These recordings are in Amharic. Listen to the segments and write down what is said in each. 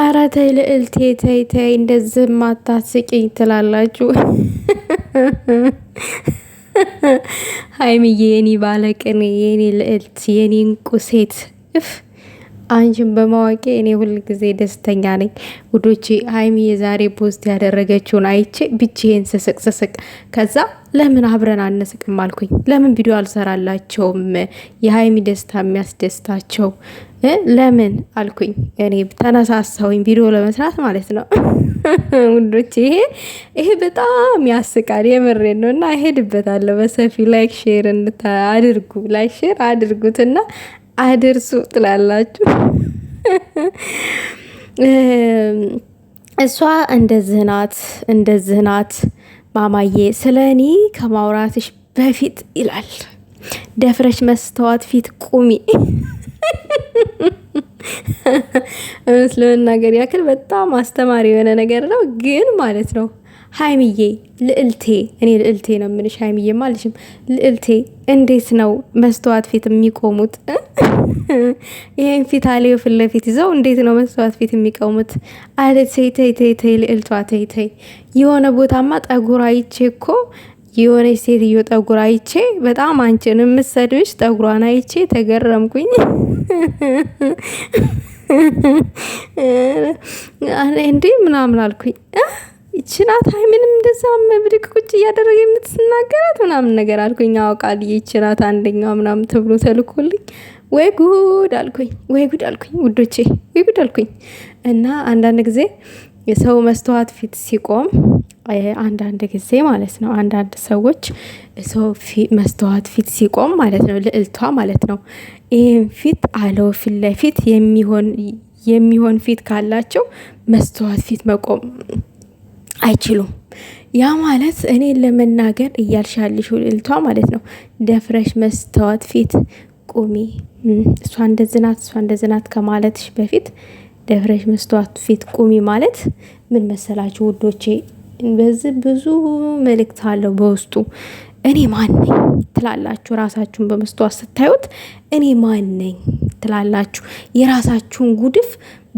አረ ተይ ልዕልቴ ተይ ተይ፣ እንደዚህ ማታስቂኝ ትላላችሁ። ሀይሚዬ የኔ ባለቅኔ፣ የኔ ልዕልት፣ የኔ እንቁ ሴት እፍ አንቺን በማወቄ እኔ ሁል ጊዜ ደስተኛ ነኝ። ውዶቼ ሀይሚ የዛሬ ፖስት ያደረገችውን አይቼ ብቻዬን ስስቅ ስስቅ ከዛ ለምን አብረን አንስቅም አልኩኝ። ለምን ቪዲዮ አልሰራላቸውም? የሀይሚ ደስታ የሚያስደስታቸው ለምን አልኩኝ። እኔ ተነሳሳሁኝ ቪዲዮ ለመስራት ማለት ነው። ውዶች ይሄ ይሄ በጣም ያስቃል። የምሬን ነው እና እሄድበታለሁ በሰፊ ላይክ ሼር አድርጉ። ላይክ ሼር አድርጉትና አድርሱ ትላላችሁ። እሷ እንደዚህ ናት እንደዚህ ናት ማማዬ፣ ስለ እኔ ከማውራትሽ በፊት ይላል ደፍረሽ መስተዋት ፊት ቁሚ። እውነት ለመናገር ያክል በጣም አስተማሪ የሆነ ነገር ነው ግን ማለት ነው ሀይምዬ ልዕልቴ፣ እኔ ልዕልቴ ነው የምልሽ፣ ሀይምዬ ማለሽም ልዕልቴ። እንዴት ነው መስተዋት ፊት የሚቆሙት? ይህን ፊት አሌው ፊት ለፊት ይዘው እንዴት ነው መስተዋት ፊት የሚቆሙት? አለ ተይ ተይ ተይ ተይ ልዕልቷ ተይ ተይ። የሆነ ቦታማ ጠጉር አይቼ እኮ የሆነች ሴትዮ ጠጉር አይቼ በጣም አንቺን የምትሰድብሽ ጠጉሯን አይቼ ተገረምኩኝ። እንዴ ምናምን አልኩኝ። ይችናት ሀይሚንም እንደዛ መብድቅ ቁጭ እያደረገ የምትስናገራት ምናምን ነገር አልኩኝ። አውቃል ይችናት አንደኛው ምናምን ተብሎ ተልኮልኝ ወይ ጉድ አልኩኝ፣ ወይ ጉድ አልኩኝ ውዶቼ፣ ወይ ጉድ አልኩኝ። እና አንዳንድ ጊዜ የሰው መስተዋት ፊት ሲቆም አንዳንድ ጊዜ ማለት ነው አንዳንድ ሰዎች ሰው መስተዋት ፊት ሲቆም ማለት ነው ልዕልቷ ማለት ነው ይህም ፊት አለው ፊት ለፊት የሚሆን የሚሆን ፊት ካላቸው መስተዋት ፊት መቆም አይችሉም። ያ ማለት እኔን ለመናገር እያልሽ ያለሽው ልልቷ ማለት ነው። ደፍረሽ መስተዋት ፊት ቁሚ እሷ እንደዝናት እሷ እንደዝናት ከማለትሽ በፊት ደፍረሽ መስተዋት ፊት ቁሚ ማለት ምን መሰላችሁ ውዶቼ፣ በዚህ ብዙ መልእክት አለው በውስጡ። እኔ ማን ነኝ ትላላችሁ፣ ራሳችሁን በመስተዋት ስታዩት እኔ ማን ነኝ ትላላችሁ የራሳችሁን ጉድፍ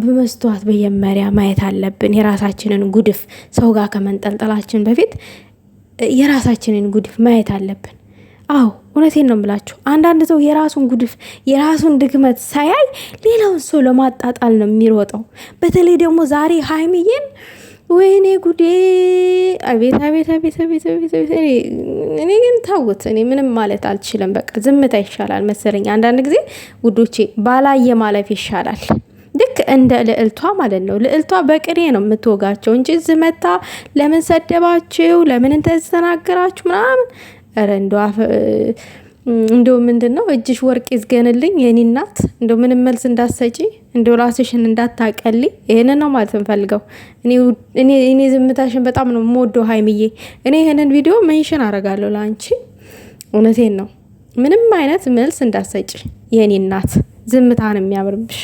በመስተዋት መጀመሪያ ማየት አለብን። የራሳችንን ጉድፍ ሰው ጋር ከመንጠልጠላችን በፊት የራሳችንን ጉድፍ ማየት አለብን። አዎ እውነቴን ነው የምላችሁ። አንዳንድ ሰው የራሱን ጉድፍ የራሱን ድክመት ሳያይ ሌላውን ሰው ለማጣጣል ነው የሚሮጠው። በተለይ ደግሞ ዛሬ ሀይሚዬን ወይኔ ጉዴ! አቤት አቤት አቤት አቤት አቤት! እኔ ግን ታውት እኔ ምንም ማለት አልችልም። በቃ ዝምታ ይሻላል መሰለኝ አንዳንድ ጊዜ ውዶቼ፣ ባላየ ማለፍ ይሻላል። ልክ እንደ ልዕልቷ ማለት ነው። ልዕልቷ በቅኔ ነው የምትወጋቸው እንጂ ዝመታ ለምን ሰደባችሁ፣ ለምን እንደተናገራችሁ ምናምን ረ እንደው ምንድን ነው እጅሽ ወርቅ ይዝገንልኝ የኔ እናት፣ እንደው ምንም መልስ እንዳሰጪ፣ እንደው ራስሽን እንዳታቀሊ። ይህንን ነው ማለት ንፈልገው። እኔ ዝምታሽን በጣም ነው የምወደው ሀይምዬ። እኔ ይህንን ቪዲዮ መንሽን አረጋለሁ ለአንቺ። እውነቴን ነው። ምንም አይነት መልስ እንዳሰጪ የኔ እናት፣ ዝምታን የሚያምርብሽ